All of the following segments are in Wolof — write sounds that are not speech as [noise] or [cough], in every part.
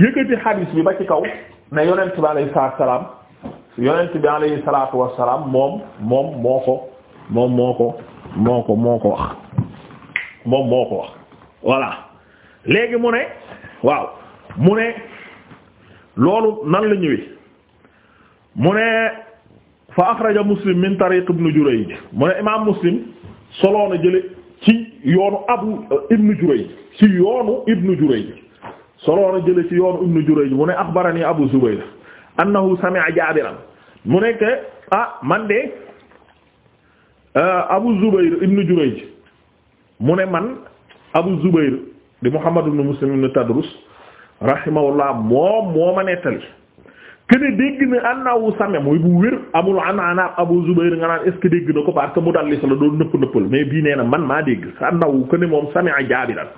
yëkkati xadiis bi ba ci kaw ne yonent bi alayhi salaam yonent bi alayhi salaatu wassalaam moom moom moo ko moo ko moo ko moo ko wax moom moo ko wax voilà léegi mu ne waaw mu ne loolu nan la ñëwee mu ne fa axraja muslim min tariq ibn Jurayj mu ne imaam muslim soloon a jële ci yoonu abu ibn Jurayj ci yoonu ibn Jurayj soloon a jële ci yoon ibnu Jurayj mu ne axbarani Abu Zubayr annahu sami'a Jaabiran mu nekk ah man de euh, Abu Zubayr ibnu Jurayj mu ne man Abu Zubayr di Muhammad ibnu Muslim ibnu Tadrus rahimahullah moom moo ma nettali kene dégg na annahu sami muy bu wér amul an anaab Abu Zubayr nga naan est dégg na ko parce que mu dalli sa la doon nëpp nëppal mais bii nee na man maa dégg annahu kene moom sami'a Jaabiran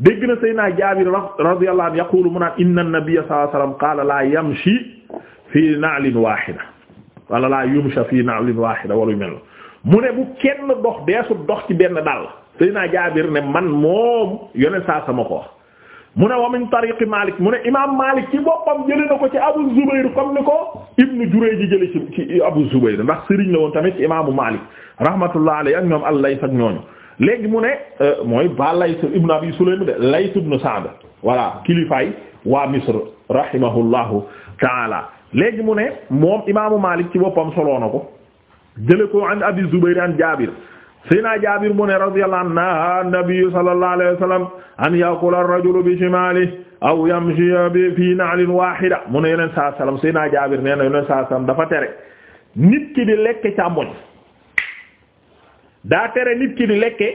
dégg na Seydina Jaabir radiyallahu anhu yaqulu mu naan inna nabiyya sallallahu alayhi wasallam qaala laa yamshi fii na'lin waahida wala laa yumsha fii na'lin waahida wala mel mu ne bu kenn dox deesu dox ci benn dàll Seydina Jaabir ne man moom yone saasama ko wax mu ne wa min tariqi Malik mu ne imaam Malik ci boppam jëlee na ko ci Abu Zubayr comme ni ko Ibnu Jurayj ji jëlee ci ci Abu Zubayr ndax la woon tamit ci imaamu Malik rahmatullah alayhi ak ñoom Allah ak ñooñu. léegi mu ne euh, mooy ba Layth ibn Abi Sulaym de Layth ibn Sa'd voilà kilifaay waa Misr rahimahullahu taala léegi mu ne moom imaamu Maalik ci boppam soloo na ko jële ko an Abi Zubayr an Jaabir Seydina Jaabir mu ne radiyallahu anhu naha an-nabiyyu sallallahu alayhi wa sallam an ya'kula ar-rajulu bi shimaalihi aw yamshiya bi fii na'lin waahida mu ne yoneen saa sallam Seydina Jaabir nee na yoneen saa sallam dafa tere nit ki di lekk càmmoñ daa tere nit ki di lekke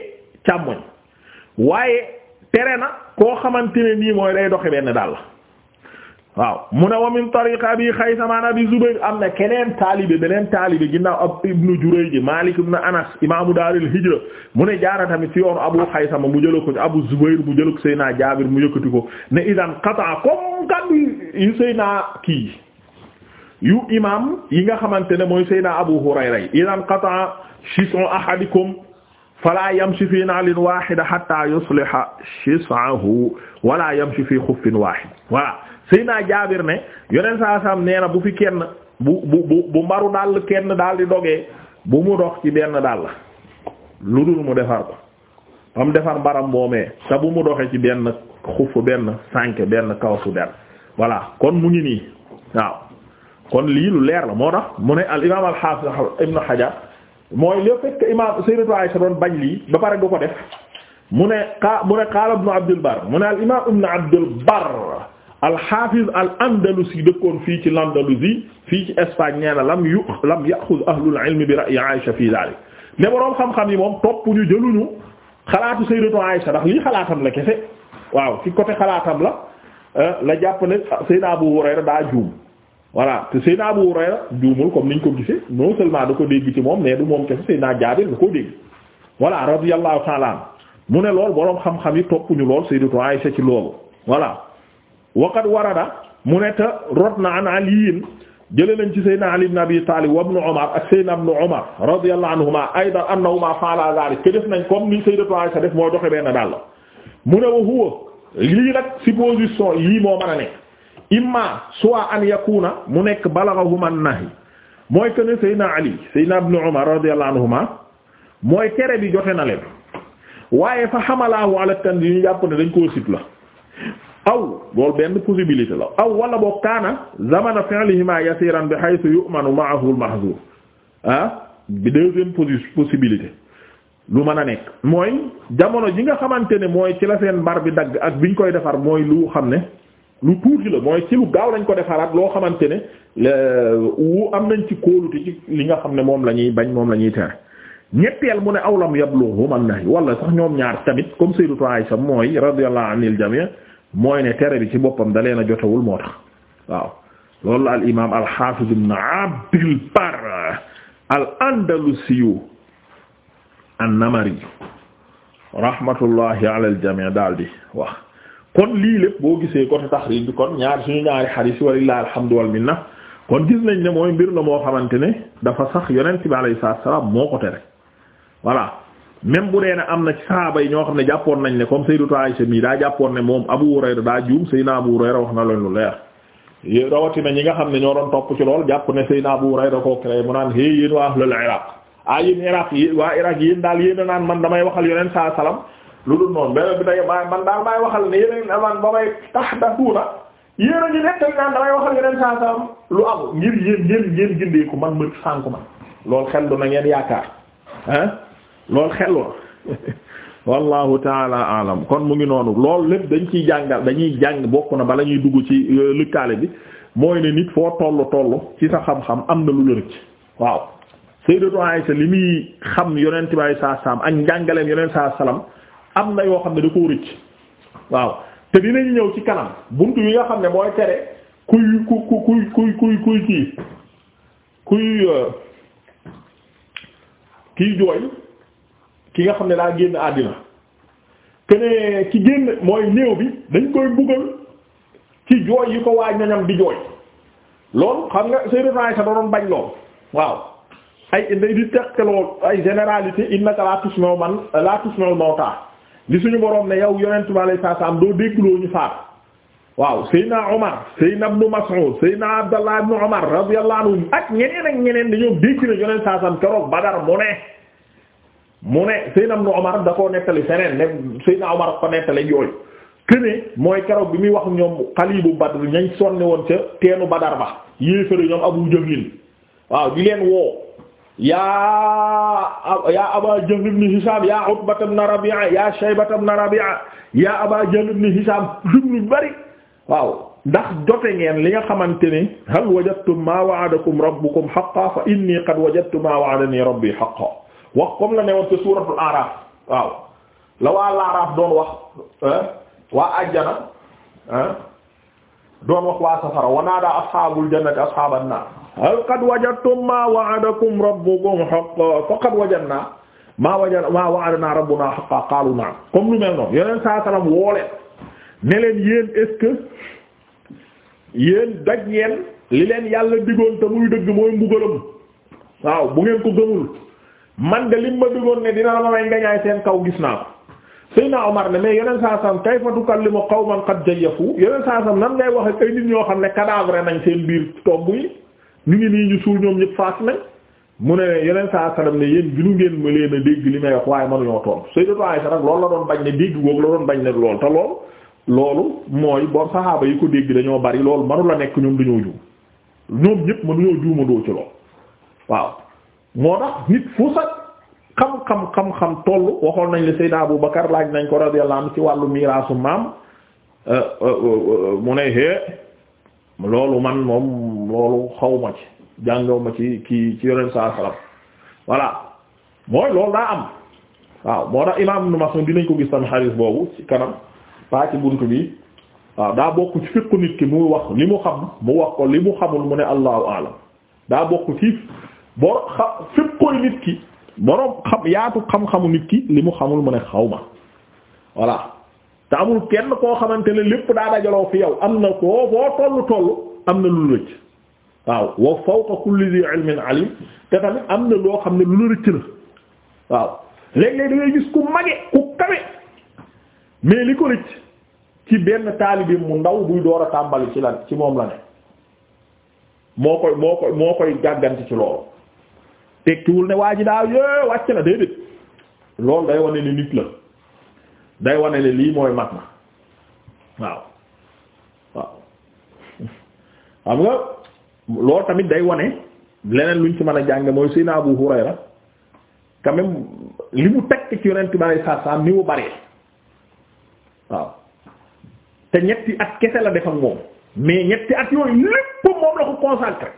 càmmoñ waaye tere na koo xamante ne nii mooy day doxe benn daal waaw mu ne wa min tariq abi xaysama abi zubayr am na keneen taalibe beneen taalibe ginnaaw ab ibnu jurayj malik ibn anas imaamu daaril hijra mu ne jaara tamit ci yoonu abu xaysama mu jëla ko abu zubayr mu jëla ko seyna jaabir mu yëkkati ko ne idan qataa comme kàddu yu seyna kii yu imaam yi nga xamante ne mooy seyna abu hurayra yi idan qataa shisu ahadikum fala yamshi fi na'lin wahida hatta yusliha shisahu wala yamshi fi xuffin wahid voilà Seydina Jaabir ne yoneen saa saam nee bu fi kenn bu bu bu mbaru dal kenn daal di dogee bu mu dox ci benn dàll lu dul mu defar ko ba mu defar mbaram boomee te bu mu doxee ci benn xuf benn sànk benn kaw su der voilà kon mu ngi nii waaw kon lii lu leer la moo tax mu ne al imaam al hafiz ibn Hajar mooy le fait que imam Sayyidatu Aisha doon bañ lii ba pare du ko def mu ne xa mu ne qaala ibnu Abdul Barr mu ne al imam ibnu Abdul Barr al hafiz al andalusi dëkkoon fii ci l'Andalousie fii ci Espagne nee na lam yu lam yaxuz ahlul ilmi bi ra'yi Aisha fii daalik ne boroom xam-xam yi moom topp ñu jëluñu xalaatu Sayyidatu Aisha ndax lii xalaatam la kese waaw ci côté xalaatam la euh, la jàpp ne Sayyidina Abu Hurayra daa juum. voilà te Seydina Abu Hurayra juumul comme niñ ko gisee non seulement da ko dégg ci moom mais du moom kese Seydina Jaabir da ko dégg voilà radiyallahu ta'ala an mu ne lool boroom xam-xam yi toppuñu lool Sayyidatu Aisha ci loolu voilà waqad warada mu ne te rot naa naa aliyin jële nañ ci Seydina Ali ibn Abi Talib wa ibn Umar ak Seydina ibn Umar radiyallahu anhuma aydan annahuma fa'ala dhalik ke def nañ comme ni Sayyidatu Aisha def mooy doxe benn daal la mu ne wa huwa lii nag a nekk imma soit an yakuna mu nekk bala balaghahuma nahi mooy que ne Seydina Ali Seydina Ibn Umar radiyallahu anhuma mooy tere bi jote na leen waaye fa xamalaahu ala tanzih jàpp ne dañ koo sib la aw loolu benn possibilité la aw wala boo kaana zamana fi'lihima yasiran bi haythu yu'manu ma'ahu al-mahzur ah, bi deuxième possibilité lu mën a nekk mooy jamono ji nga xamante ne mooy ci la seen bar bi dagg ak biñ koy defar mooy lu xam ne lu tuuti la mooy ci lu gaaw lañ ko defaraat loo xamante ne euh, wu am nañ ci kóolute ci li nga xam ne moom la ñuy bañ moom la ñuy tere ñetteel mu ne awlam yabluhum an-nahy wala sax ñoom ñaar tamit comme sayyidatu Aisha mooy radiyallahu anil jami' mooy ne tere bi ci boppam da leen a jotewul moo tax waaw loolu al imaam al hafiz ibn Abdil Barr al andalusiyu an-namari rahmatullahi ala al jami' daal di wax kon lii lépp boo gisee côté taxrij bi kon ñaar suñu ñaari xadiis yi walillahi alhamdu wal minna kon gis nañ ne mooy mbir la moo xamante ne dafa sax yonent bi alayhi salaam moo ko tere bu dee ne am na ci ñoo xam ne jàppoon nañ ne comme Sayyidatu Aisha ne moom Abu Hurayra daa juum Sayyidina Abu na leen lu leer rawatina ñi nga xam ne ñoo doon topp ci lool jàpp ne Sayyidina Abu Hurayra waa ahlul Iraq ah yéen Iraq yi daal yéen a naan man damay waxal yonent saa salaam lu dul noonu beneen bi day maay man daal maay waxal ne yeneen amaan ba may tax a waxal yeneen saa saa lu am ngir yéen yéen ngeen gindeeku man ma sànku man loolu xel du na yaakaar ah loolu xel la [laughs] wallahu taala alam kon mu ngi noonu lool lépp dañ ciy jàngal dañuy jàng bokk na bala ñuy dugg ci euh, lëkkaale bi mooy ne nit foo toll toll ci sa xam-xam am na lu la rëcc waaw Sayyidatu Aisha li muy xam yonent bi saa saam ak njàngaleem yonent saa salaam. am na yoo xam ne da koo rëcc waaw te dinañu ñëw ci kanam buntu yi nga xam ne mooy tere kuy ku kuy kuy kuy kuy kii kuy euh, kiy jooy ki nga xam ne daa génn àddina kene ki génn mooy néew bi dañ koy buggal ci jooy yi ko waaj ñoñam di jooy loolu xam nga Seydou Naye sax da doon bañ lool waaw ay di teqaloo ay généralité innaka laa tusmi'u man laa tusmi'u mawta li suñu boroom ne yow yonent bi alayhi salaam doo déggloo ñu faatu waaw Seydina Omar Seydina Ibnu Mas'ud Seydina Abdallah ibnu Omar radiyallahu anhum ak ñeneen ak ñeneen dañoo dégg ne yonent salaam keroog Badar mu ne mu ne Seydina Ibnu Omar da koo nettali feneen ne Seydina Omar ko nettali yooyu këne mooy keroog bi muy wax ñoom xalibu Badr ñañ sonne woon ca teenu Badar ba yéefare ñoom Abu Jahlin waaw di leen woo yaa yaa Aba Jahl ibn Hisham yaa Utba ibn Rabi'a yaa Shayba ibn Rabi'a yaa Aba Jahl ibn Hisham lu bari waaw ndax jote ngeen li nga xamante ni hal wajadtum ma wa'adakum rabbukum haqqan fa inni qad wajadtu ma wa'adani rabbi haqqan wax comme la ne woon te suuratul A'raaf waaw la waa Al-A'raaf doon wax eh, waa àjjana eh, doon wax waa safara wa naadaa ashaabul jannati ashaaban naar hal qad wajadtum ma wa'adakum rabbukum haqqan faqad wajadna ma wajadna ma wa'adna rabbuna haqqan qalu na'am comme lu mel noonu yeneen saa salaam woole ne leen yéen est-ce daj ngeen li leen yàlla digoon te muy dëgg mooy mbugalam waaw bu ngeen ko gëmul man de lim ma digoon ne dina la may ngañaay seen kaw gis naa ko Seydina Omar ne mais yeneen saa salaam kayfa tukallimu qawman qad jayyafu yeneen saa salaam nan ngay wax ay nit ñoo xam ne cadavre nañ seen biir tomb ñu ngi nii ñu suul ñoom ñëpp faatu mu ne yeneen saa sallam ne yéen ginu ngeen ma leen a dégg li may wax waaye mënuñoo tontu Sayyidatu Aisha nag loolu la doon bañ ne dégg googu la doon bañ ne loolu te loolu loolu mooy bon saxaaba yi ko dañoo bari loolu manu la nekk ñoom dañoo juum ñoom ñëpp mënuñoo juumandoo ci loolu waaw moo xam-xam waxoon nañ le Seydina laaj nañ ko ci wàllu miraasu maam euh, euh, euh, mu loolu man moom moom loolu xaw ma ci jàngaw ma ci kii ci yoneen saa salam voilà mooy loolu daa am waaw moo tax imam Ibn Mas'ud dinañ ko gis tamit xaris boobu ci kanam paa ci buntu bi waaw daa bokk ci fekku nit ki mu wax li mu xam mu wax ko li mu xamul mu ne allahu alam daa bokk ci boo xam fekkooy nit ki boroom xam yaatu xam-xamu nit ki li mu xamul mu ne xaw ma voilà te amul kenn koo xamante ne lépp daa dajaloo fi yow am na koo boo tollu tollu am na lu rëcc waaw wa fawqa kulli dhi ilmin alim te tamit am na loo xam ne lu la rëcc la waaw léeg-léeg gis ku mage ku kawe mais li ko rëcc ci benn taalibi mu ndaw buy door a tàmbali ci lan ci moom la ne moo koy moo koy moo ci loolu tekkiwul ne waa ji daaw yé wàcc na déedéet loolu day wane ne nit la day wane ne lii mooy mat na waaw waaw [laughs] xam nga loolu tamit day wane leneen lu luñ ci mën a jànge mooy Seydina Abu Hurayra quand même li mu tekk ci yonent bi saa saa ni mu bëree waaw te ñetti at kese la def ak moom mais ñetti at yooyu lépp moom la ko consacré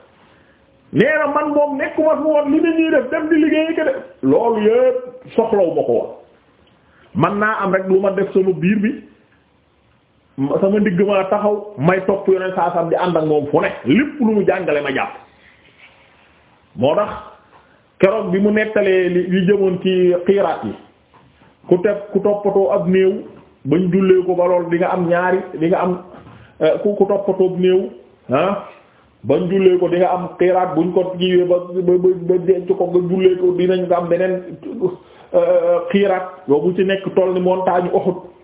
nee na man moom nekkuma fi woon li nit ñuy def dem di liggéey ke de loolu yëpp soxlaw ko woon man naa am rek lu ma def sama biir bi sama ndigg maa taxaw may topp yoneen saa sam di ànd ak moom fu ne lépp lu mu jàngale ma jàpp moo tax keroog bi mu nettalee li jëmoon ci xiiraat yi ku teb ku toppatoo ab néew bañ jullee ko ba lool di nga am ñaari di am eh, ku ku toppatoo ab néew ah bañ jullee ko di nga am xiiraat buñ ko jiwee ba ba denc ko nga jullee ko dinañ nga am beneen eh, xiiraat boobu ci nekk toll ni montagne Uhud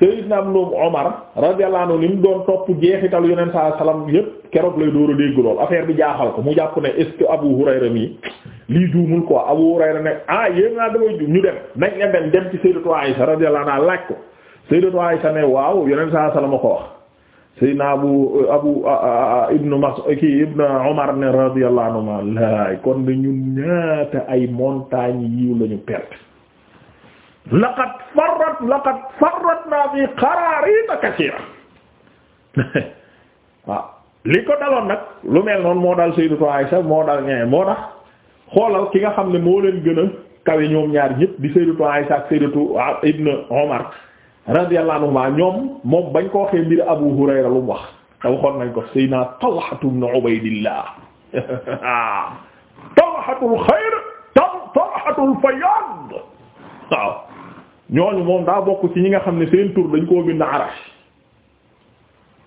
Seydina am noom Omar radiyallahu anhu li mu doon topp jeexital yonent saa salaam yépp keroog lay door a dégg lool affaire bi jaaxal ko mu jàpp ne est Abu Hurayra mi lii juumul quoi Abu Hurayra ne ah yéen naa damay juum ñu dem nañ ne dem dem ci Sayyidatu Aisha radiyallahu anha laaj ko Sayyidatu Aisha ne waaw yonent saa salaam a ko wax Seydina Abu Abu Ibn Mas'ud ki Ibn Omar ne radiyallahu anhu ma laay kon de ñaata ay montagnes yiw lañu perte. laqad farrat laqad farratna fi qararin kaseera [laughs] waaw li ko daloon nag lu mel noonu moo daal Sayyidatu Aisha moo dal ñee moo tax xoolal ki nga xam ne moo leen gën a kawe ñoom ñaar ñëpp di Sayyidatu Aisha ak Sayyidatu Ibn Umar radiyallahu anhuma ñoom moom bañ ko waxee mbir Abu Hurayra lu mu wax te waxoon nañ ko Sayyidina Talha ibn Ubaydillah [laughs] Talhatul xayr Talhatul fayyad waaw ñooñu moom daa bokk ci ñi nga xam ne seen tur dañ koo bind arash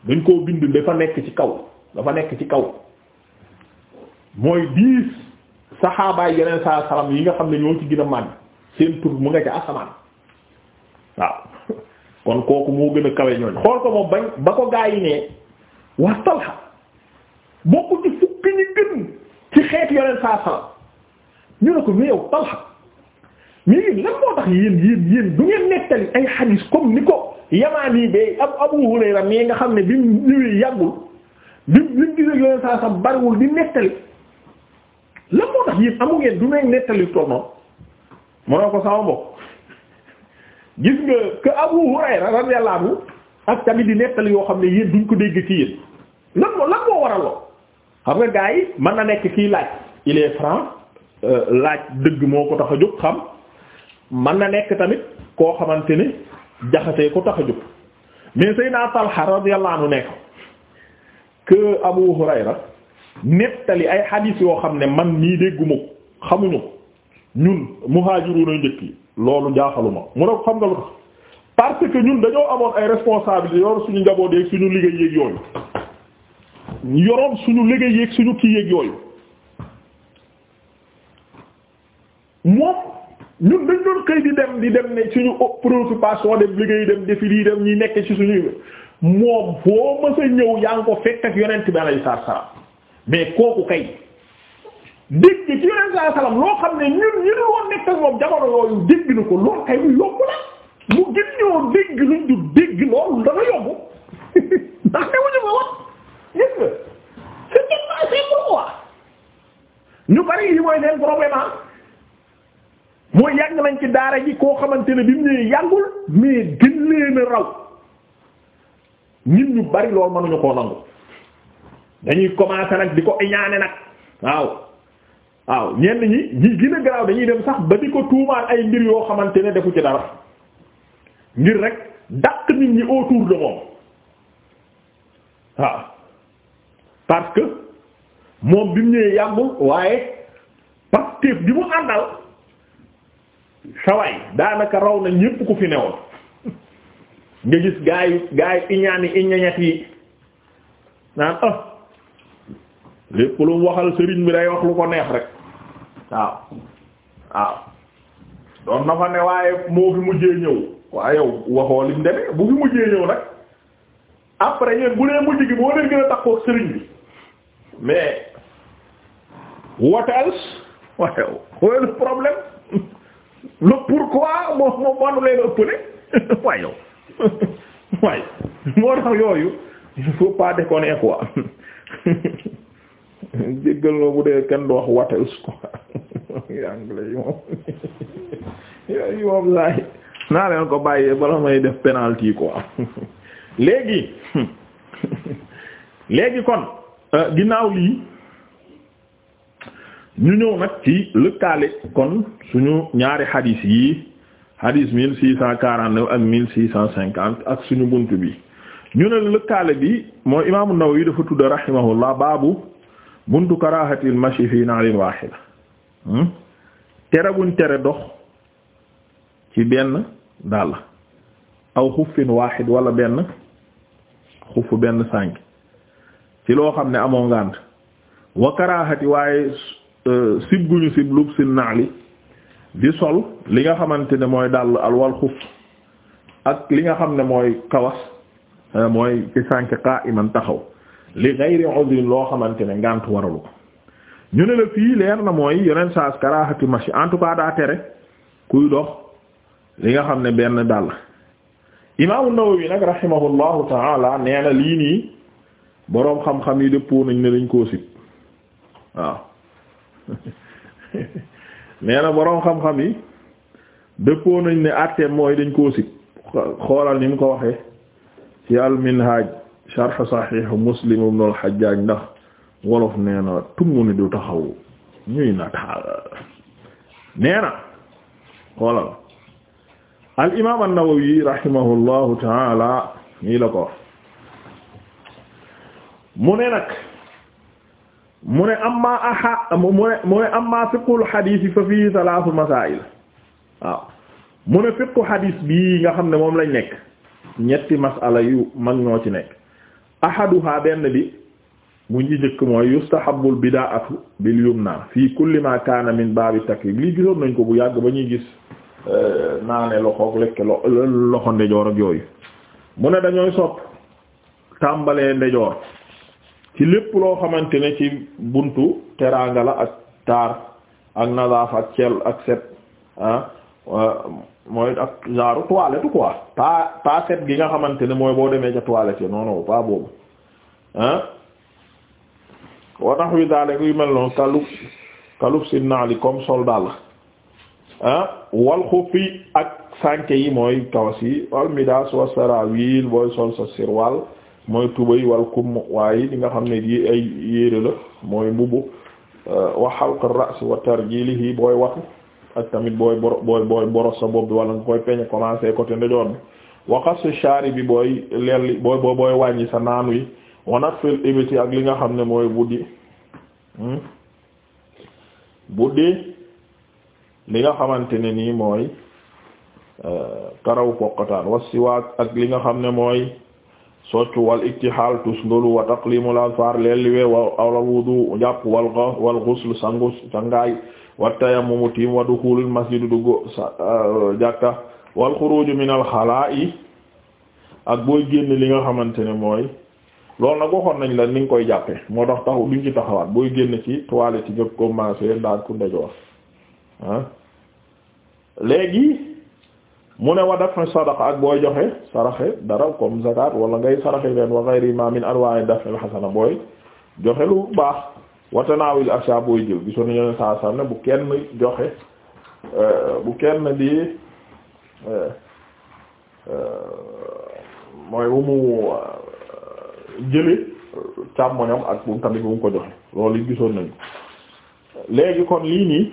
dañ koo bind dafa nekk ci kaw dafa nekk ci kaw mooy dix saxaabaay yeneen saa salam yi nga xam ne ñoo ci gën a seen tur mu nga ca asamaan waaw kon kooku moo gën a kawe ñooñu xool ko moom bañ ba ko gaa yi ne waa Talha bokku ci fukki ñi gën ci xeet yeneen saa salam ñu ne ko mais yow Talha mais yéen lan moo tax yéen yéen yéen du ngeen nettali ay xadiis comme ni ko yamaan yi bay Abu Hurayra mii nga xam ne bi mu ñëwee yàggul bi mu gisee yoon saa sam bariwul di nettali lan moo tax yéen amu ngeen du ngeen nettali toog noonu mënoo ko sama mbokk gis nga que Abu Hurayra radiyallahu anhu ak tamit di nettali yoo xam ne yéen duñ ko dégg ci yéen lan moo lan moo waral loo xam nga gars yi mën na nekk kii laaj il est franc euh, laaj dëgg moo ko tax a jóg xam. man na nekk tamit koo xamante ni jaxasee ko tax a jóg mais Seydina Talha radiyallahu anhu nekk que Abu Hurayra nettali ay hadith yoo xam ne man nii dégguma ko xamuñu ko ñun muhaajiruuna njëkk yi loolu jaaxaluma mu ne xam nga lu tax parce que ñun dañoo amoon ay responsabilités yor suñu njaboot yeeg suñu liggéey yeeg yooyu yoroon suñu liggéey yeeg suñu kii yeeg yooyu moom. ñu dañ doon xëy di dem di dem ne suñu préoccupation dem liggéey dem defi lii dem ñuy nekk ci suñuy moom foo mës a ñëw yaa ngi ko fekk ak yonent bi alayhi salaam mais kooku kay dégg ci yonent saa salaam loo xam ne ñun ñu ne woon nekk ak moom jamono dégg ko lool kay lu yomb la dafa yomb ndax ne ñu bari yi mooy seen problème mooy yàgg nañ ci daara ji koo xamante ne bi mu ñëwee yàggul mais gën leen raw nit ñu bari lool mënuñu koo nangu dañuy commencer nag di ko iñaane nag waaw waaw ñenn ñi ñi gën a garaaw dañuy dem sax ba di ko tuumaal ay mbir yoo xamante ne defu ci dara ngir rek dàq nit ñi autour de moom waaw parce que moom bi mu ñëwee yàggul waaye parce que bi mu àndal sawaay daanaka raw na ñépp ku fi newoon nga gis gaa yu gaa yu iñaani iñañat yi naan ah lépp lu waxal sëriñ bi day wax lu ko neex rek waaw waaw doon na fa ne waaye moo fi mujjee ñëw waaye waxoo lim deme bu fi mujjee ñëw nag après ñeen bu dee mujj gi boo leen gën a takkoo sëriñ bi mais what else [laughs] waaye yow le problème le ko moom moom manu leen ëppale [laughs] waaye [laughs] waaye moo tax yooyu il faut pas déconner quoi [laughs] jéggal noo bu dee kenn du wax watels ko anglais yi moom yooyu moom naa leen ko bàyyee bala may def penalty quoi léegi léegi kon euh, ginnaaw lii ñu ñëw nag ci lëkkaale kon suñu ñaari hadith yi hadith mille six cent quarante-neuf ak mille six cent cinquante ak suñu bunt bi ñu ne lëkkaale bi moo imaamu Nawawi dafa tudd rahimahullah baabu buntu karaahatil mashi fii naarin waahida hmm? tere buñ tere dox ci benn dàll aw xuffin waahid wala benn xufu benn sànk ci loo xam ne amoo ngànt wa karaahati waaye Euh, sib guñu sib lub si naali di sol li nga xamante ne mooy dàll alwal xuf ak li nga xam ne mooy kawas euh, mooy ci sànk qa'iman taxaw li ghayri udrin loo xamante ne ngànt waralu ko ñu ne la fii leer na mooy yeneen saas karaaxati machi en tout daa tere kuy dox li nga xam ne benn dàll imaamu Nawawi nag rahimahullahu taala nee na lii nii boroom xam-xam yi dëppoo nañ ne lañ koo sib waaw [laughs] nee na boroom xam-xam yi dëppoo nañ ni àtteem mooy dañ koo sib xoolal ni mu ko waxee ci al-Minhaj sharh Sahih Muslim ibn al ndax wolof nee tungu ni du taxaw ñuy nataal nee na xoolal al imaam an-Nawawi rahimahullahu taala nii la ko mu ne nag mu ne amma aha mu ne mu ne amma fiqhul hadith fa fii salaasu masaa'il waaw mu ne fiqhu hadith bii nga xam ne moom lañ nekk ñetti masala yu mag ñoo ci nekk ahaduha benn bi mu ngi jëkk mooy yustahabul bidaa'atu bil yumna fii kulli ma kaana min baabi takrib lii gisoon nañ ko bu yàgg ba ñuy gis euh, naane loxoog lekk loxo ndejoor ak yooyu mu ne dañooy sopp tàmbalee ndejoor ci lépp loo xamante ne ci buntu teraanga la ak taar ak nazaaf ak cel ak set ah, mooy ak genre toilette quoi pas pas gi nga xamante ne mooy boo demee ca toilette non non pas boobu ah wa nahwi dalik yu mel noonu kalub kalub si naali comme sol daal ah wal xufi ak sànke yi mooy kawas yi wal midas wa sarawil booy sol sa sirwal mooy tubay wal kumm waaye li nga xam ne di ay yére la mooy mbubb euh, wa xalq ar-ra's wa tarjilihi booy watu ak tamit booy boro booy boros sa bopp bi wala nga koy peñe commencé côté ndejoor bi waqas shari bi booy lelli booy booy booy sa naanu wi wanat fil ibiti ak li nga xam ne mooy buddi hmm? buddi li nga xamante ne nii mooy euh, karaw poqataan wa siwaak ak li nga xam ne mooy soccu wal iktihal tusngolu wa taqlimul azfar lelliwe wa awlal wudu jàpp wal wal ghusl sangu sangaay wa tayammum tiim wa dukhulul masjid sa euh, jàkka wal khuruj min xalaa khala'i ak booy génn li nga xamante ne mooy lool nag waxoon nañ la ni nga koy jàppe moo tax taxu duñ ci taxawaat booy génn ci toilette yi nga commencé daal ku ndejoor ah léegi mu ne wa dafa sadaqa ak booy joxe saraxe dara comme zakat wala ngay saraxe leen wa ghayri ma min anwa'i na alxasana booy joxe lu baax watanaawil asha booy jël gisoon yeneen saa saa ne bu kenn joxe euh, bu kenn di euh, euh, mooy bu mu jële càmmoñam gisoon nañu léegi kon lii nii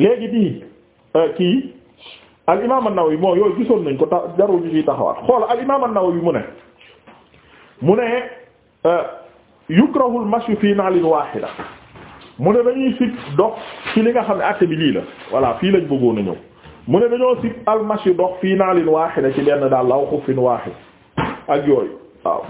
léegi bii euh, kii al imaam an-Nawawi moo yooyu gisoon nañ ko ta jarul ñu ciy taxawaat xool al imaam an-Nawawi mu ne mu ne euh, yukrahu al-mashyu fi na'lin waahida mu ne dañuy sib dox ci li nga xam ne àtte bi lii la voilà fii lañ bëggoon a ñëw mu ne dañoo sib al-mashyu dox fi na'lin waahida ci benn daal law xuffin waahid ak yooyu waaw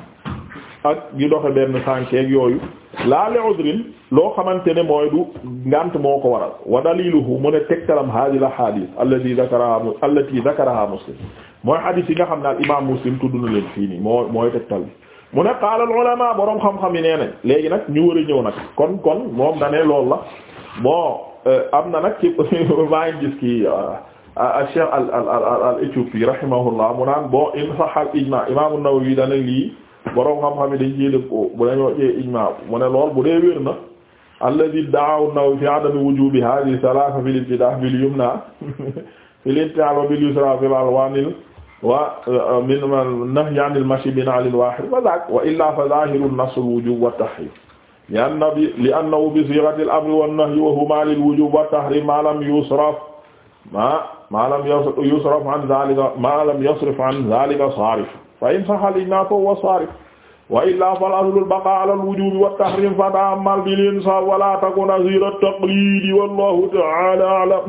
ak di doxe benn sànkeeg yooyu laa li udrin loo xamante ne mooy du ngant moo ko waral wa daliluhu mu ne tegtalam hadil ahadith allati dhakaraha allati dhakaraha muslim mooy hadith yi nga xam ne al imam muslim tudd na leen fii nii moo mooy tegtal bi mu ne qaala al ulama boroom xam-xam yi nee nañ léegi nag ñu war a ñëw nag kon kon moom da ne loolu la bon euh, am na nag ci [laughs] maa ngi gis ki euh, cheikh al al al éthiopie rahimahullah mu naan in sahha al imam an-Nawawi dana lii borom xam-xam yi dañ ciy def ko bu dañoo cee ijmaa mu ne lool bu dee wér na alladi daaw naw fi adami wujubi hadi salasa fil ibtidaa bil yumna [laughs] fil intihaa bil yusra fil alwaanil wa uh, min nahyi anil mashi bi naalin waahid wa zaak wa illaa fa zaahiru nasl wujub wa tahriim li annahu bi sighati al amri wan nahyi wa huma lil wujub wa tahriim ma lam yusraf ma ma lam yusrif an zalika ma lam yusrif an zalika sarif fa in sahha al-inaath wa sarif wa illaa fal aslul baqaa ala al-wujuubi wa tahriim fa ta'ammal bil insaaf wa laa takun asiira at-taqliidi wallaahu ta'aala a'lam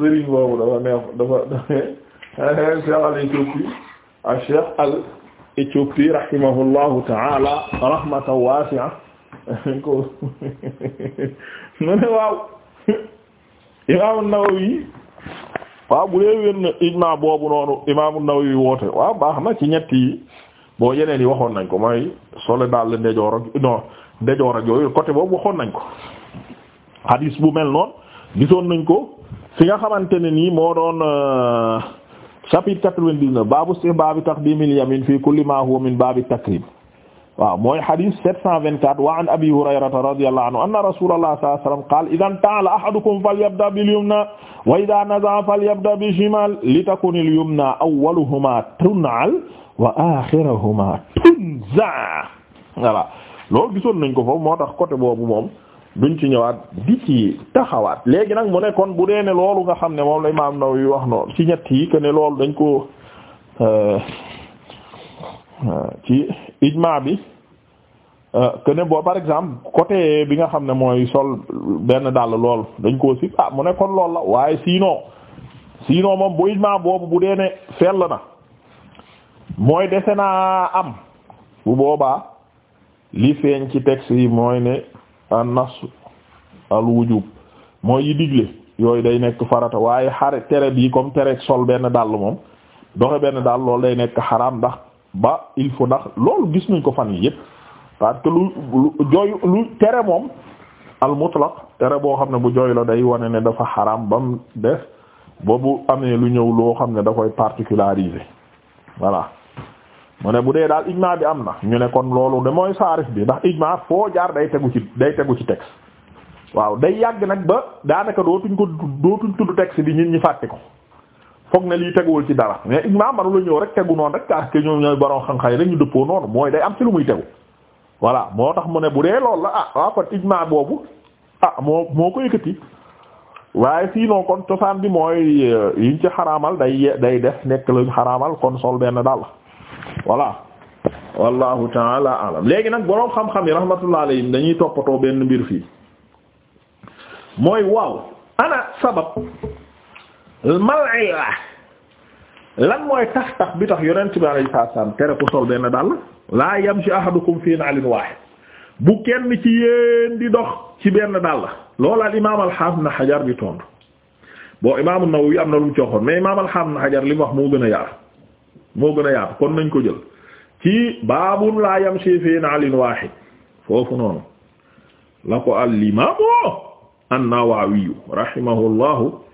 sëriñ boobu dafa neex dafa dafa Cheikh al-Éthiopie ak Cheikh al-Éthiopie rahimahullahu ta'aala rahmatan waasi'a [laughs] ko [laughs] mu waaw [laughs] Imam an waaw bu dee wér ijmaa boobu noonu Imam An-Nawawi woote waaw baax na ci ñett yi boo yeneen yi waxoon nañ ko mooy sole daal ndejoor ak non ndejoor ak yooyu côté boobu waxoon nañ ko hadis bu mel noonu gisoon nañ ko fi nga xamante ne nii moo doon euh, chapitre quatre-vingt-dix-neuf baabu istihbaabi taqdiimil yamiin fii kulli maa huwa min baabi takriim waaw mooy hadith 724 wa an abi hurayrata radiyallahu anhu anna rasulullah sallallahu alayhi wasallam qala idha ta'ala ahadukum falyabda bil yumna wa idha naza'a falyabda bi shimal litakun al yumna awwaluhuma tun'al wa akhiruhuma tunza voilà loolu gisoon nañ ko foofu moo tax côté boobu moom duñ ci ñëwaat di ci taxawaat léegi nag mu ne kon bu dee ne loolu nga xam ne moom la imaam Nawawi wax noonu ci ñett yi que ne loolu dañ ko euh, ci ijmaa bi euh, que ne par exemple côté bi nga xam ne mooy sol benn dàll lool dañ koo sib ah mu ne kon lool la waaye sinon sinon moom bu ijmaa boobu bu dee ne fell na mooy defe naa am bu boobaa li feeñ ci texte yi mooy ne an-nass al mooy yi digle yooyu day nekk farata waaye xare tere bi comme tere sol benn dàll moom doxe benn dàll lool day nekk xaraam ndax ba il faut ndax loolu gis nañ ko fan yi yépp parce lu jooy lu tere moom al mutlaq tere boo xam ne bu jooy la day wane ne dafa xaram ba mu boobu amee lu ñëw loo xam ne da koy particulariser voilà mu ne bu dee daal ijmaa bi am na ñu ne kon loolu de mooy saarif bi ndax ijmaa foo jaar day tegu ci day tegu ci texte waaw day yàgg nag ba daanaka dootuñ ko dootuñ tudd texte bi ñun ñi fàtte ko foog ne lii teguwul ci dara mais ijmaa manu la ñëw rek tegu noonu rek parce que ñoom ñooy borom xam-xam yi rek ñu dëppoo noonu mooy day am ci lu muy tegu voilà moo tax mu ne bu dee lool la ah waaw kon ijmaa boobu ah moo moo ko yëkkati waaye sinon kon cosaan bi mooy euh, yiñ ci xaraamal day day def nekk lañ xaraamal kon sol benn daal voilà wallahu taala alam léegi nag boroom xam-xam yi rahmatullah alayhim dañuy toppatoo benn mbir fii mooy waaw ana sabab malila lan mooy tax tax bi tax yonent bi alayhi salaam tere ku sol benn dàll laa yamshi ahadukum fii na'lin waahid bu kenn ci yéen di dox ci benn dàll loolu al imaam al-Haafiz Ibn Hajar bi tontu bon imaam an na lu mu cooxoon mais imaam al-Haafiz mu moo gën a yaatu moo gën a yaatu kon nañ ko jël ci baabun laa yamshi fii na'lin waahid foofu noonu la ko al imaamu an-Nawawi rahimahullahu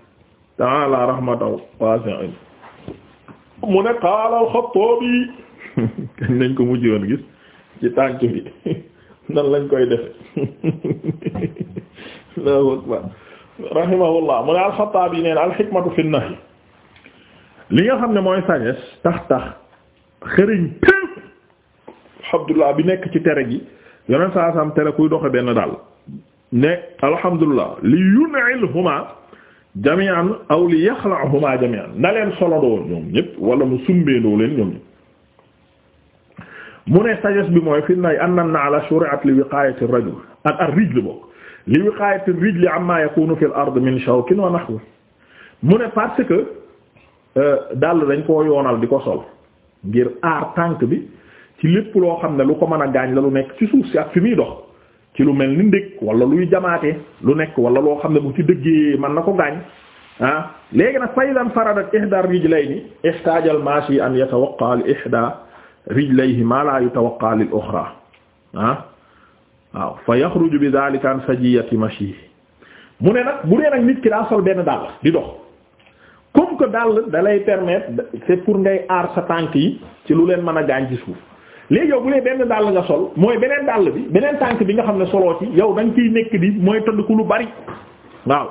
ta'ala rahmatan wasi'in mu ne qaala al kañ lañ ko mujj woon gis ci tànk bi nan lañ koy defe Allahu akbar mu ne al-Xattaabi neen al fi an-nahy li nga xam ne mooy sagesse tax tax xëriñ alhamdulillah bi nekk ci tere gi yoneen saa sam tere kuy doxe benn daal ne alhamdulillah li yun'ilhuma jami'an aw li yaxla'uhuma jami'an na leen solodoo ñoom ñëpp wala mu sumbeendoo leen ñoom ñëpp mu ne sagesse bi mooy fi nay anna na'la shuri'at li wiqayati ar-rajul ak ar-rijl bokk li wiqayati ar-rijl amma yakunu fil ard min shawkin wa nahwi mu ne parce que euh, dàll dañ ko yoonal di ko sol ngir aar tànk bi ci lépp loo xam ne lu ko mën a gaañ la lu nekk ci suuf si ak fi muy dox ci lu mel ni ndég wala luy jamaate lu nekk wala loo xam ne bu ci dëggee man na ko gaañ ah léegi nag fa idan faradat ihda rijlayni ihtaja al mashi an yatawaqqa li ihda rijlayhi ma la yatawaqqa lil ukhra ah waaw fa yaxruju bi dhalika mu ne nag bu dee nag nit ki daa sol benn di dox comme que dàll da lay permettre pour ngay aar sa tànk yi ci lu leen mën a gaañ ci suuf léegi yow bu dee benn dàll nga sol mooy beneen dàll bi beneen tànk bi nga xam ne soloo ci yow da nga ciy nekk di mooy tëdd ku lu bari waaw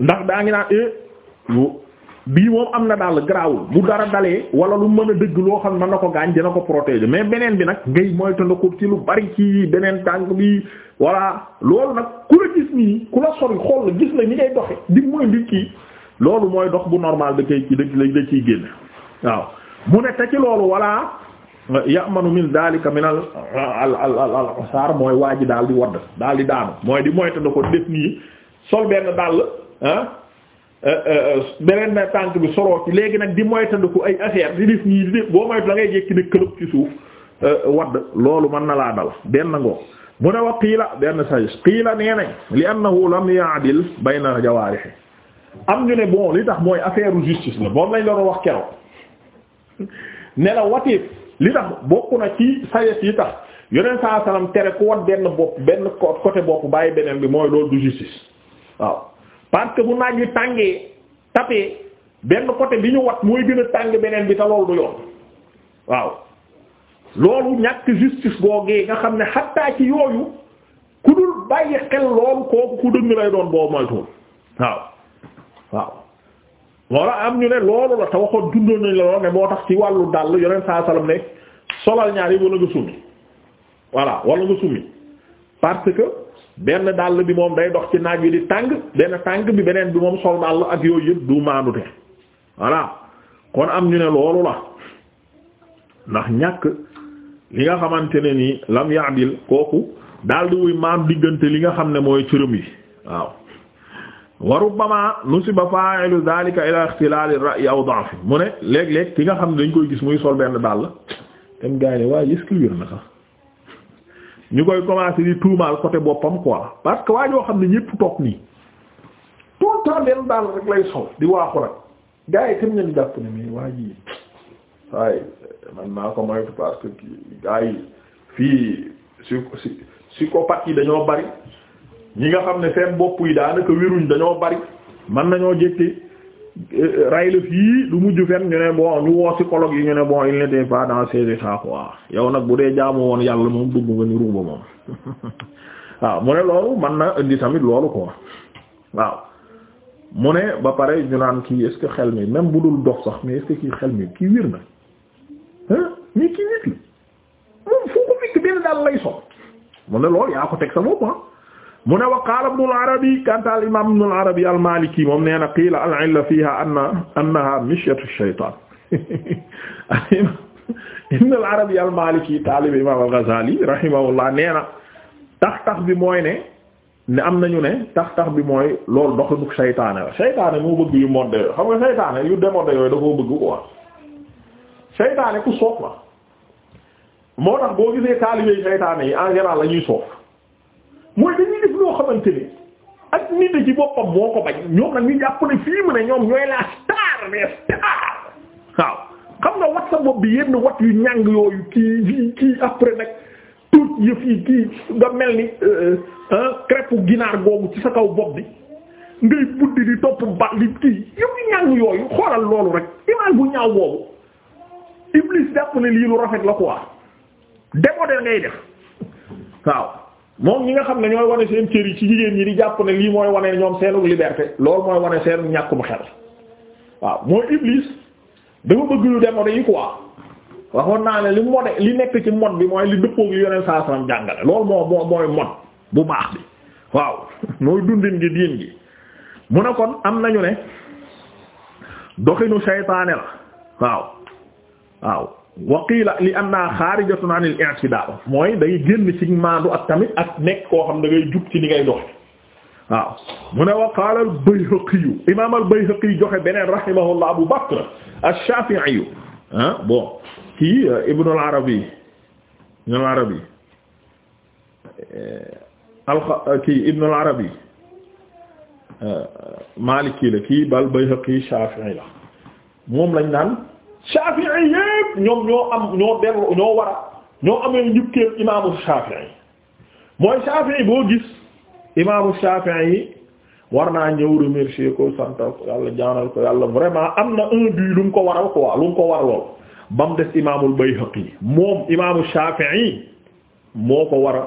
ndax daa ngi naan e bii moom am na dàll garaawul bu dara dalee wala lu mën a dëgg loo xam ne mën na ko gaañ dina ko protéger mais beneen bi nag ngay mooy tënd ko ci lu bari ci beneen tànk bi voilà loolu nag ku la gis nii ku la sori xool gis la ni ngay doxe di mooy ndi kii loolu mooy dox bu normal da koy da da ciy génn ci loolu wala ya'manu min daalika min al al al al usaar mooy waa ji daal di wadd daal di daanu mooy di moyta da ko def nii sol benn dàll ah eh, eh, eh, beneen na tànk bi soroo ci léegi nag di moytandiku ay affaire di def nii di def boo moytu da ngay jékki ne këlëb ci suuf wadd loolu mën na laa dal benn ngoo mu ne wa qiila benn sagis qiila nee nañ li annahu lam ya'dil bayna jawaarihi am ñu ne bon li tax mooy affaire justice la moom lañ la doon wax keroog [laughs] ne la wateef li tax bokk na ci sayes yi tax yeneen saa salaam tere ku wat benn bopp benn côté bopp bàyyi beneen bi mooy loolu du justice waaw parce bu naaj yi tàngee tapé benn côté bi ñu wat mooy gën a tàng beneen bi te loolu du yoon waaw loolu ñàkk justice googee nga xam ne xattaa ci yooyu ku dul bàyyi xel loolu kooku ku dëng lay doon boo moytuwul waaw waaw wala am ñu ne loolu la te waxoon dundoon nañ la lool ne moo tax ci wàllu dàll yoneen saa salaam ne solal ñaar yi wala nga summi voilà wala nga summi parce que benn dàll bi moom day dox ci naaj yi di tàng benn tàng bi beneen bi moom sol dàll ak yooyu yëpp du maandute voilà kon am ñu ne loolu la ndax ñàkk li nga xamante ne nii lam yaadil kooku dal di wuy diggante li nga xam ne mooy cërëm yi waaw wa rubbama nusiba fa'ilu dhalika ila ikhtilal ar-ra'yi aw da'fi mu ne léeg-léeg ki nga xam dañ koy gis muy sol benn dàll na sax ñu koy commencer di tuumaal côté boppam quoi parce que waa joo xam ne ñépp toog nii tout temps benn rek lay sol di waaxu rek gaa yi tam nañu jàpp ne mais waa ji waaye man naa ko moytu parce que gaa yi fii psychopathe yi dañoo bari ñi nga xam ne seen bopp yi daanaka wéruñ dañoo bari mën nañoo jékki euh, ray la fii du mujj fenn ñu ne bon ñu woo psychologue yi ñu ne bon il n'était pas dans ses états quoi yow nag bu dee jaamu woon yàlla moom dugg nga ñu rumba moom [laughs] waaw mu ne loolu man na indi tamit loolu quoi waaw mu ne ba pare ñu naan kii est-ce que xel mi même bu dul dox sax mais est kii xel mi kii wir na ah mais kii nit la moom foo ko fekk benn daal lay sol mu ne loolu yaa ko teg mu ne wa qaala ibnul arabi kanta al imam ibnul arabi al maliki moom nee na al illa fiha anna annaha mishyatu shaytan ibnul arabi al taalib imam al ghazali rahimahullah nee tax tax bi mooy ne ne am nañu ne tax tax bi mooy loolu doxinu seytaane la seytaane moo bëgg yu modde yooyu xam nga seytaane yu démodde yooyu dafoo bëgg quoi seytaane ku soof moo tax boo gisee taalibe seytaane yi en général la soof def loo xamante ni ak nit ci boppam moo ko bañ ñoom nag ñu jàpp ne fii mu ne ñoom ñooy la star mais star waaw xam nga wat sa bopp bi yenn wat yu ñàng yooyu kii kii kii après nag tuut yëf yi kii nga mel ni euh, crêpe ginaar googu ci sa kaw bopp bi ngay buddi di topp ba li kii yëf yu ñàng yooyu xoolal loolu rek imaam bu ñaaw boobu Iblis jàpp ne lii lu rafet la quoi démodé ngay def waaw. moom ñi nga xam ne ñooy wane seen cër yi ci jigéen ñi di jàpp ne lii mooy wane ñoom seenu liberté loolu mooy wane seenu ñàkkum xel waaw mooy Iblis dafa bëgg lu démodé yi quoi waxoon naa ne li modé li nekk ci mode bi mooy li dëppoog li yoneen saa salaam jàngale loolu moo moo mooy mode bu baax bi waaw [laughs] mooy dundin gi diin gi mu ne kon am nañu ne doxinu seytaane la waaw waaw wa qiila li anna xaarijatun an al-i'tidaal mooy day génn ci maandu ak tamit ak nekk koo xam da ngay jub ci ni ngay dox waaw mu ne wa qaala al-Bayhaqi imaam al-Bayhaqi joxe beneen rahimahullah Abu Bakr ash-Shaafi'i ah bon kii Ibn al-Arabi Ibn al-Arabi al kii Ibn al-Arabi Maliki la kii bal Bayhaqi Shaafi'i la moom lañ naan. Shafi'i yépp ñoom ñoo am ñoo dellu ñoo war a ñoo amee njukkeel imaamu yi mooy Shafi'i boo gis imaamu Shafi'i war naa ñëw remercier ko sant ko yàlla jaanal ko yàlla vraiment am na un lu mu ko waral quoi lu mu ko war lool ba mu des imaamul yi moom imaamu Shafi'i moo ko war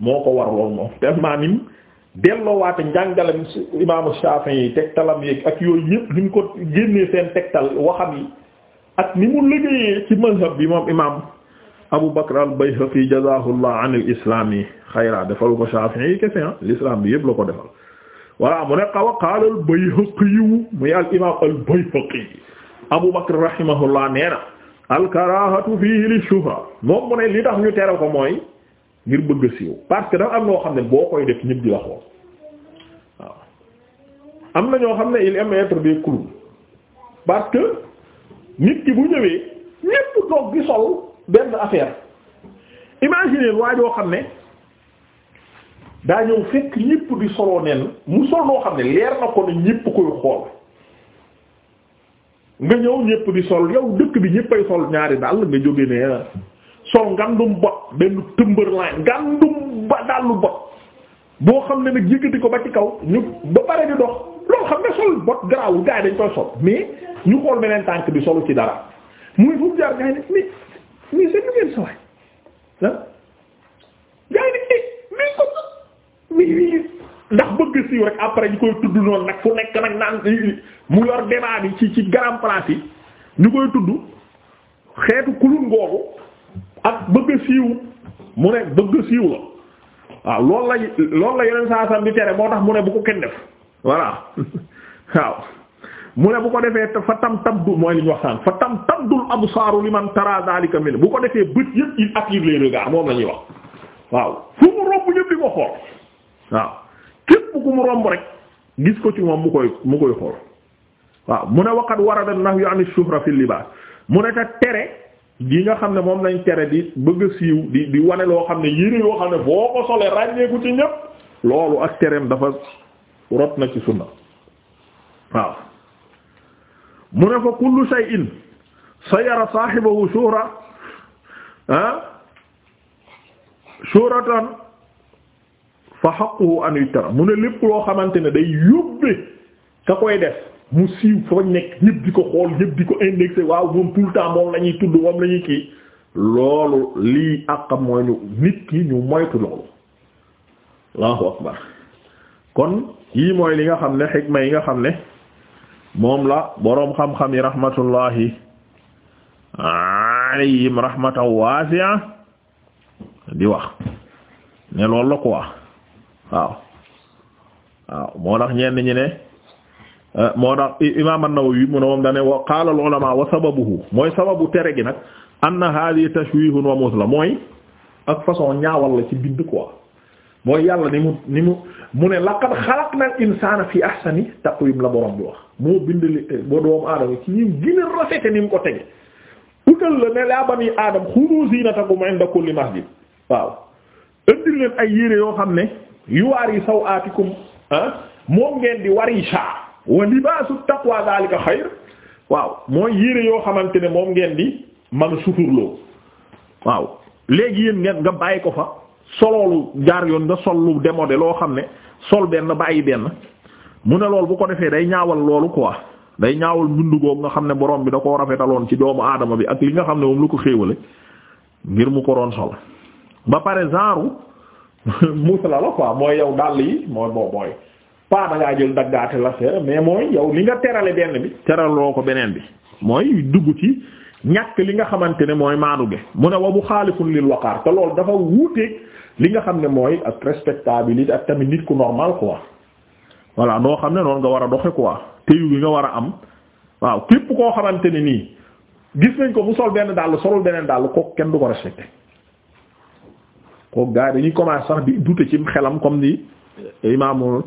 moo ko war lool moom tellement nim delloowaate njàngalem imaamu Shafi'i tegtalam yeeg ak yooyu yépp ni mu ko génnee seen tegtal waxam yi ak ni mu liggéeyee ci mazhab bi moom imaam Abu Bakr al-Bayhaqi jazaahullah an al-islaam yi defal ko Shafi'i yi kese ah l'islam bi yëpp la ko defal voilà mu ne qaala qaala al-Bayhaqi muy al-imaam al-Bayhaqi Abu Bakr rahimahullah nee na al-karaahatu fiihi lish-shuhra moom mu ne li tax ñu tere ko mooy ngir bëgg siiw parce que dafa am loo xam ne boo koy def ñëpp di waxoo waaw am na ñoo xam ne il aime être des clowns parce que. nit ki bu ñëwee ñépp toog di sol benn affaire imaginer waa joo xam ne daa ñëw fekk ñépp di soloo nen mu sol noo xam ne leer na ko ne ñépp koy xool nga ñëw ñépp di sol yow dëkk bi ñéppay sol ñaari dàll nga jóge ne ah, sol ngandum bot benn tëmbërlaan ngandum ba dàllu bot boo xam ne nag yëkkati ko ba ci kaw ñu ba pare di dox loo xam ne sol bot garaawul gaa yi dañ koy sol mais ñu xool beneen tànk bi solu ci dara muy fu mu jaar gaa yi ne seen lu ngeen sawaay ndax bëgg siiw rek après ñu koy tudd noonu nag fu nekk nag naan mu yor débat bi ci ci grand place yi ñu koy tudd xeetu kulun googu ak bëgg siiw mu ne bëgg siiw la waaw loolu la loolu la yeneen saa sam moo tax mu ne bu ko kenn def voilà [laughs] waaw mu ne bu ko defee fa tam tabdu mooy li ñu wax sànq fa tam tabdul absaaru man tara zalika min bu ko defee bët yëpp ak attire les regards moom la ñuy wax waaw fu mu romb ñëpp di ko xool waaw képp ku mu romb rek gis ko ci moom mu koy mu koy xool waaw mu ne waqad warada nahyu an shuhra fil libaas mu ne te tere gi nga xam ne moom lañ tere di bëgg siiw di di wane loo xam ne yére yoo xam ne boo ko solee ràññeeku ci ñëpp loolu ak tereem dafa rot na ci sunna mu ne fa kullu shay'in sayara saahibahu shuhra ah shuhratan fa haqquhu an yutara mu ne lépp loo xamante ne day yóbbe ka koy def mu siiw fa nekk ñëpp di ko xool ñëpp di ko indexé waaw moom tout le temps tudd moom lañuy ñuy kii loolu lii àqam mooy ñu nit ki ñu moytu loolu allahu akbar kon yii mooy li nga xam ne xikma yi nga xam ne moom la boroom xam-xam yi rahmatullahi alayhim rahmatan wasi'a di wax ne loolu la quoi waaw waaw moo tax ñenn ñi ne euh, moo tax imam an-Nawawi mu ne moom dane wa qaala al-ulama wa sababuhu mooy sababu tere gi nag anna hadhihi tashwihun wa la mooy ak façon ñaawal la ci bind quoi mooy yàlla ni mu ni mu mu ne laqad xalaqnal insaana fi ahsani taqwiim la borom bi wax moo bind li ba doomu aadama ci ñi gën a rafete ni mu ko tege utal la ne laa bani aadam xudu ziinatakum inda kulli masjid waaw indil leen ay yére yoo xam ne yu yuwaari sawaatikum ah moom ngeen di warisha wa libaasu taqwa zaalika xayr waaw mooy yére yoo xamante ne moom ngeen di man suturloo waaw léegi yéen ngeen nga bàyyi ko fa soloolu jaar yoon nga sol lu démodé loo xam ne sol benn bàyyi benn mu ne lool bu ko defee day ñaawal loolu quoi day ñaawal mbindu googu nga xam ne borom bi da koo rafetaloon ci doomu aadama bi ak li nga xam ne moom lu ko xéewale ngir mu ko doon sol ba pare genre [laughs] musala la quoi mooy yow dàll yi mooy boo mooy pas da ngaa jël daggaate la seer mais mooy yow li nga terale benn bi loo ko beneen bi mooy dugg ci ñàkk li nga xamante ne mooy maanu bi mu ne wa bu xaalifun lil waqaar te loolu dafa wuuteeg li nga xam ne mooy ak respectabilité ak tamit nit ku normal quoi voilà noo xam ne noonu nga war a doxe quoi téyu gi nga war a am waaw képp koo xamante ne nii gis nañ ko mu sol benn dàll solul beneen dàll kooku kenn du ko respecté kooku gars yi dañuy commencé sax di dute ci xelam comme ni eh, imaamul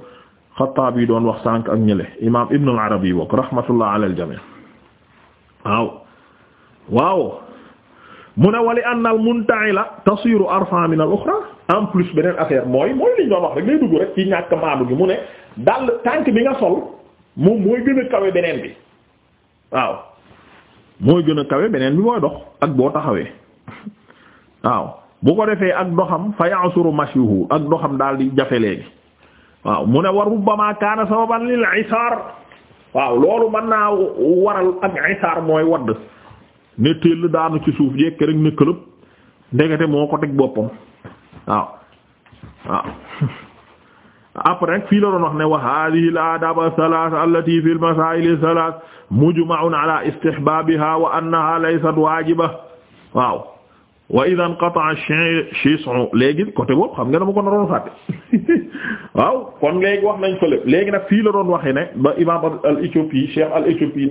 Xattaabi yi doon wax sànq ak ñële imaam Ibn al yi bokk rahmatullah ala al waaw waaw mu ne wali anna al-muntaila tasiru arfa min al-ukhra en plus beneen affaire mooy mooy li ñu wax rek lay dugg rek ci ñàkk maandu gi mu ne dal tànk bi nga sol moom mooy gën a kawe beneen bi waaw mooy dox ak boo taxawee [laughs] waaw bu ko defee ak doxam fa ya'suru mashyuhu ak doxam daal di jafe léegi waaw mu ne wa rubbama kaana sababan lil isaar waaw loolu mën naa waral ak isaar mooy wadd ne teel daanu ci suuf yekk rek ne këlëb ndekete moo ko teg boppam waaw waaw après fii la doon wax ne wa hadhihi al adab thalath allati fi al masail thalath mujma'un ala istihbabiha wa annaha laysat wajiba waaw wa idha inqata'a ash-shis'u léegi côté boobu xam nga dama ko naroon fàtte [laughs] waaw kon léegi wax nañ ko léegi nag fii la doon waxee ne ba imam al éthiopie cheikh al éthiopie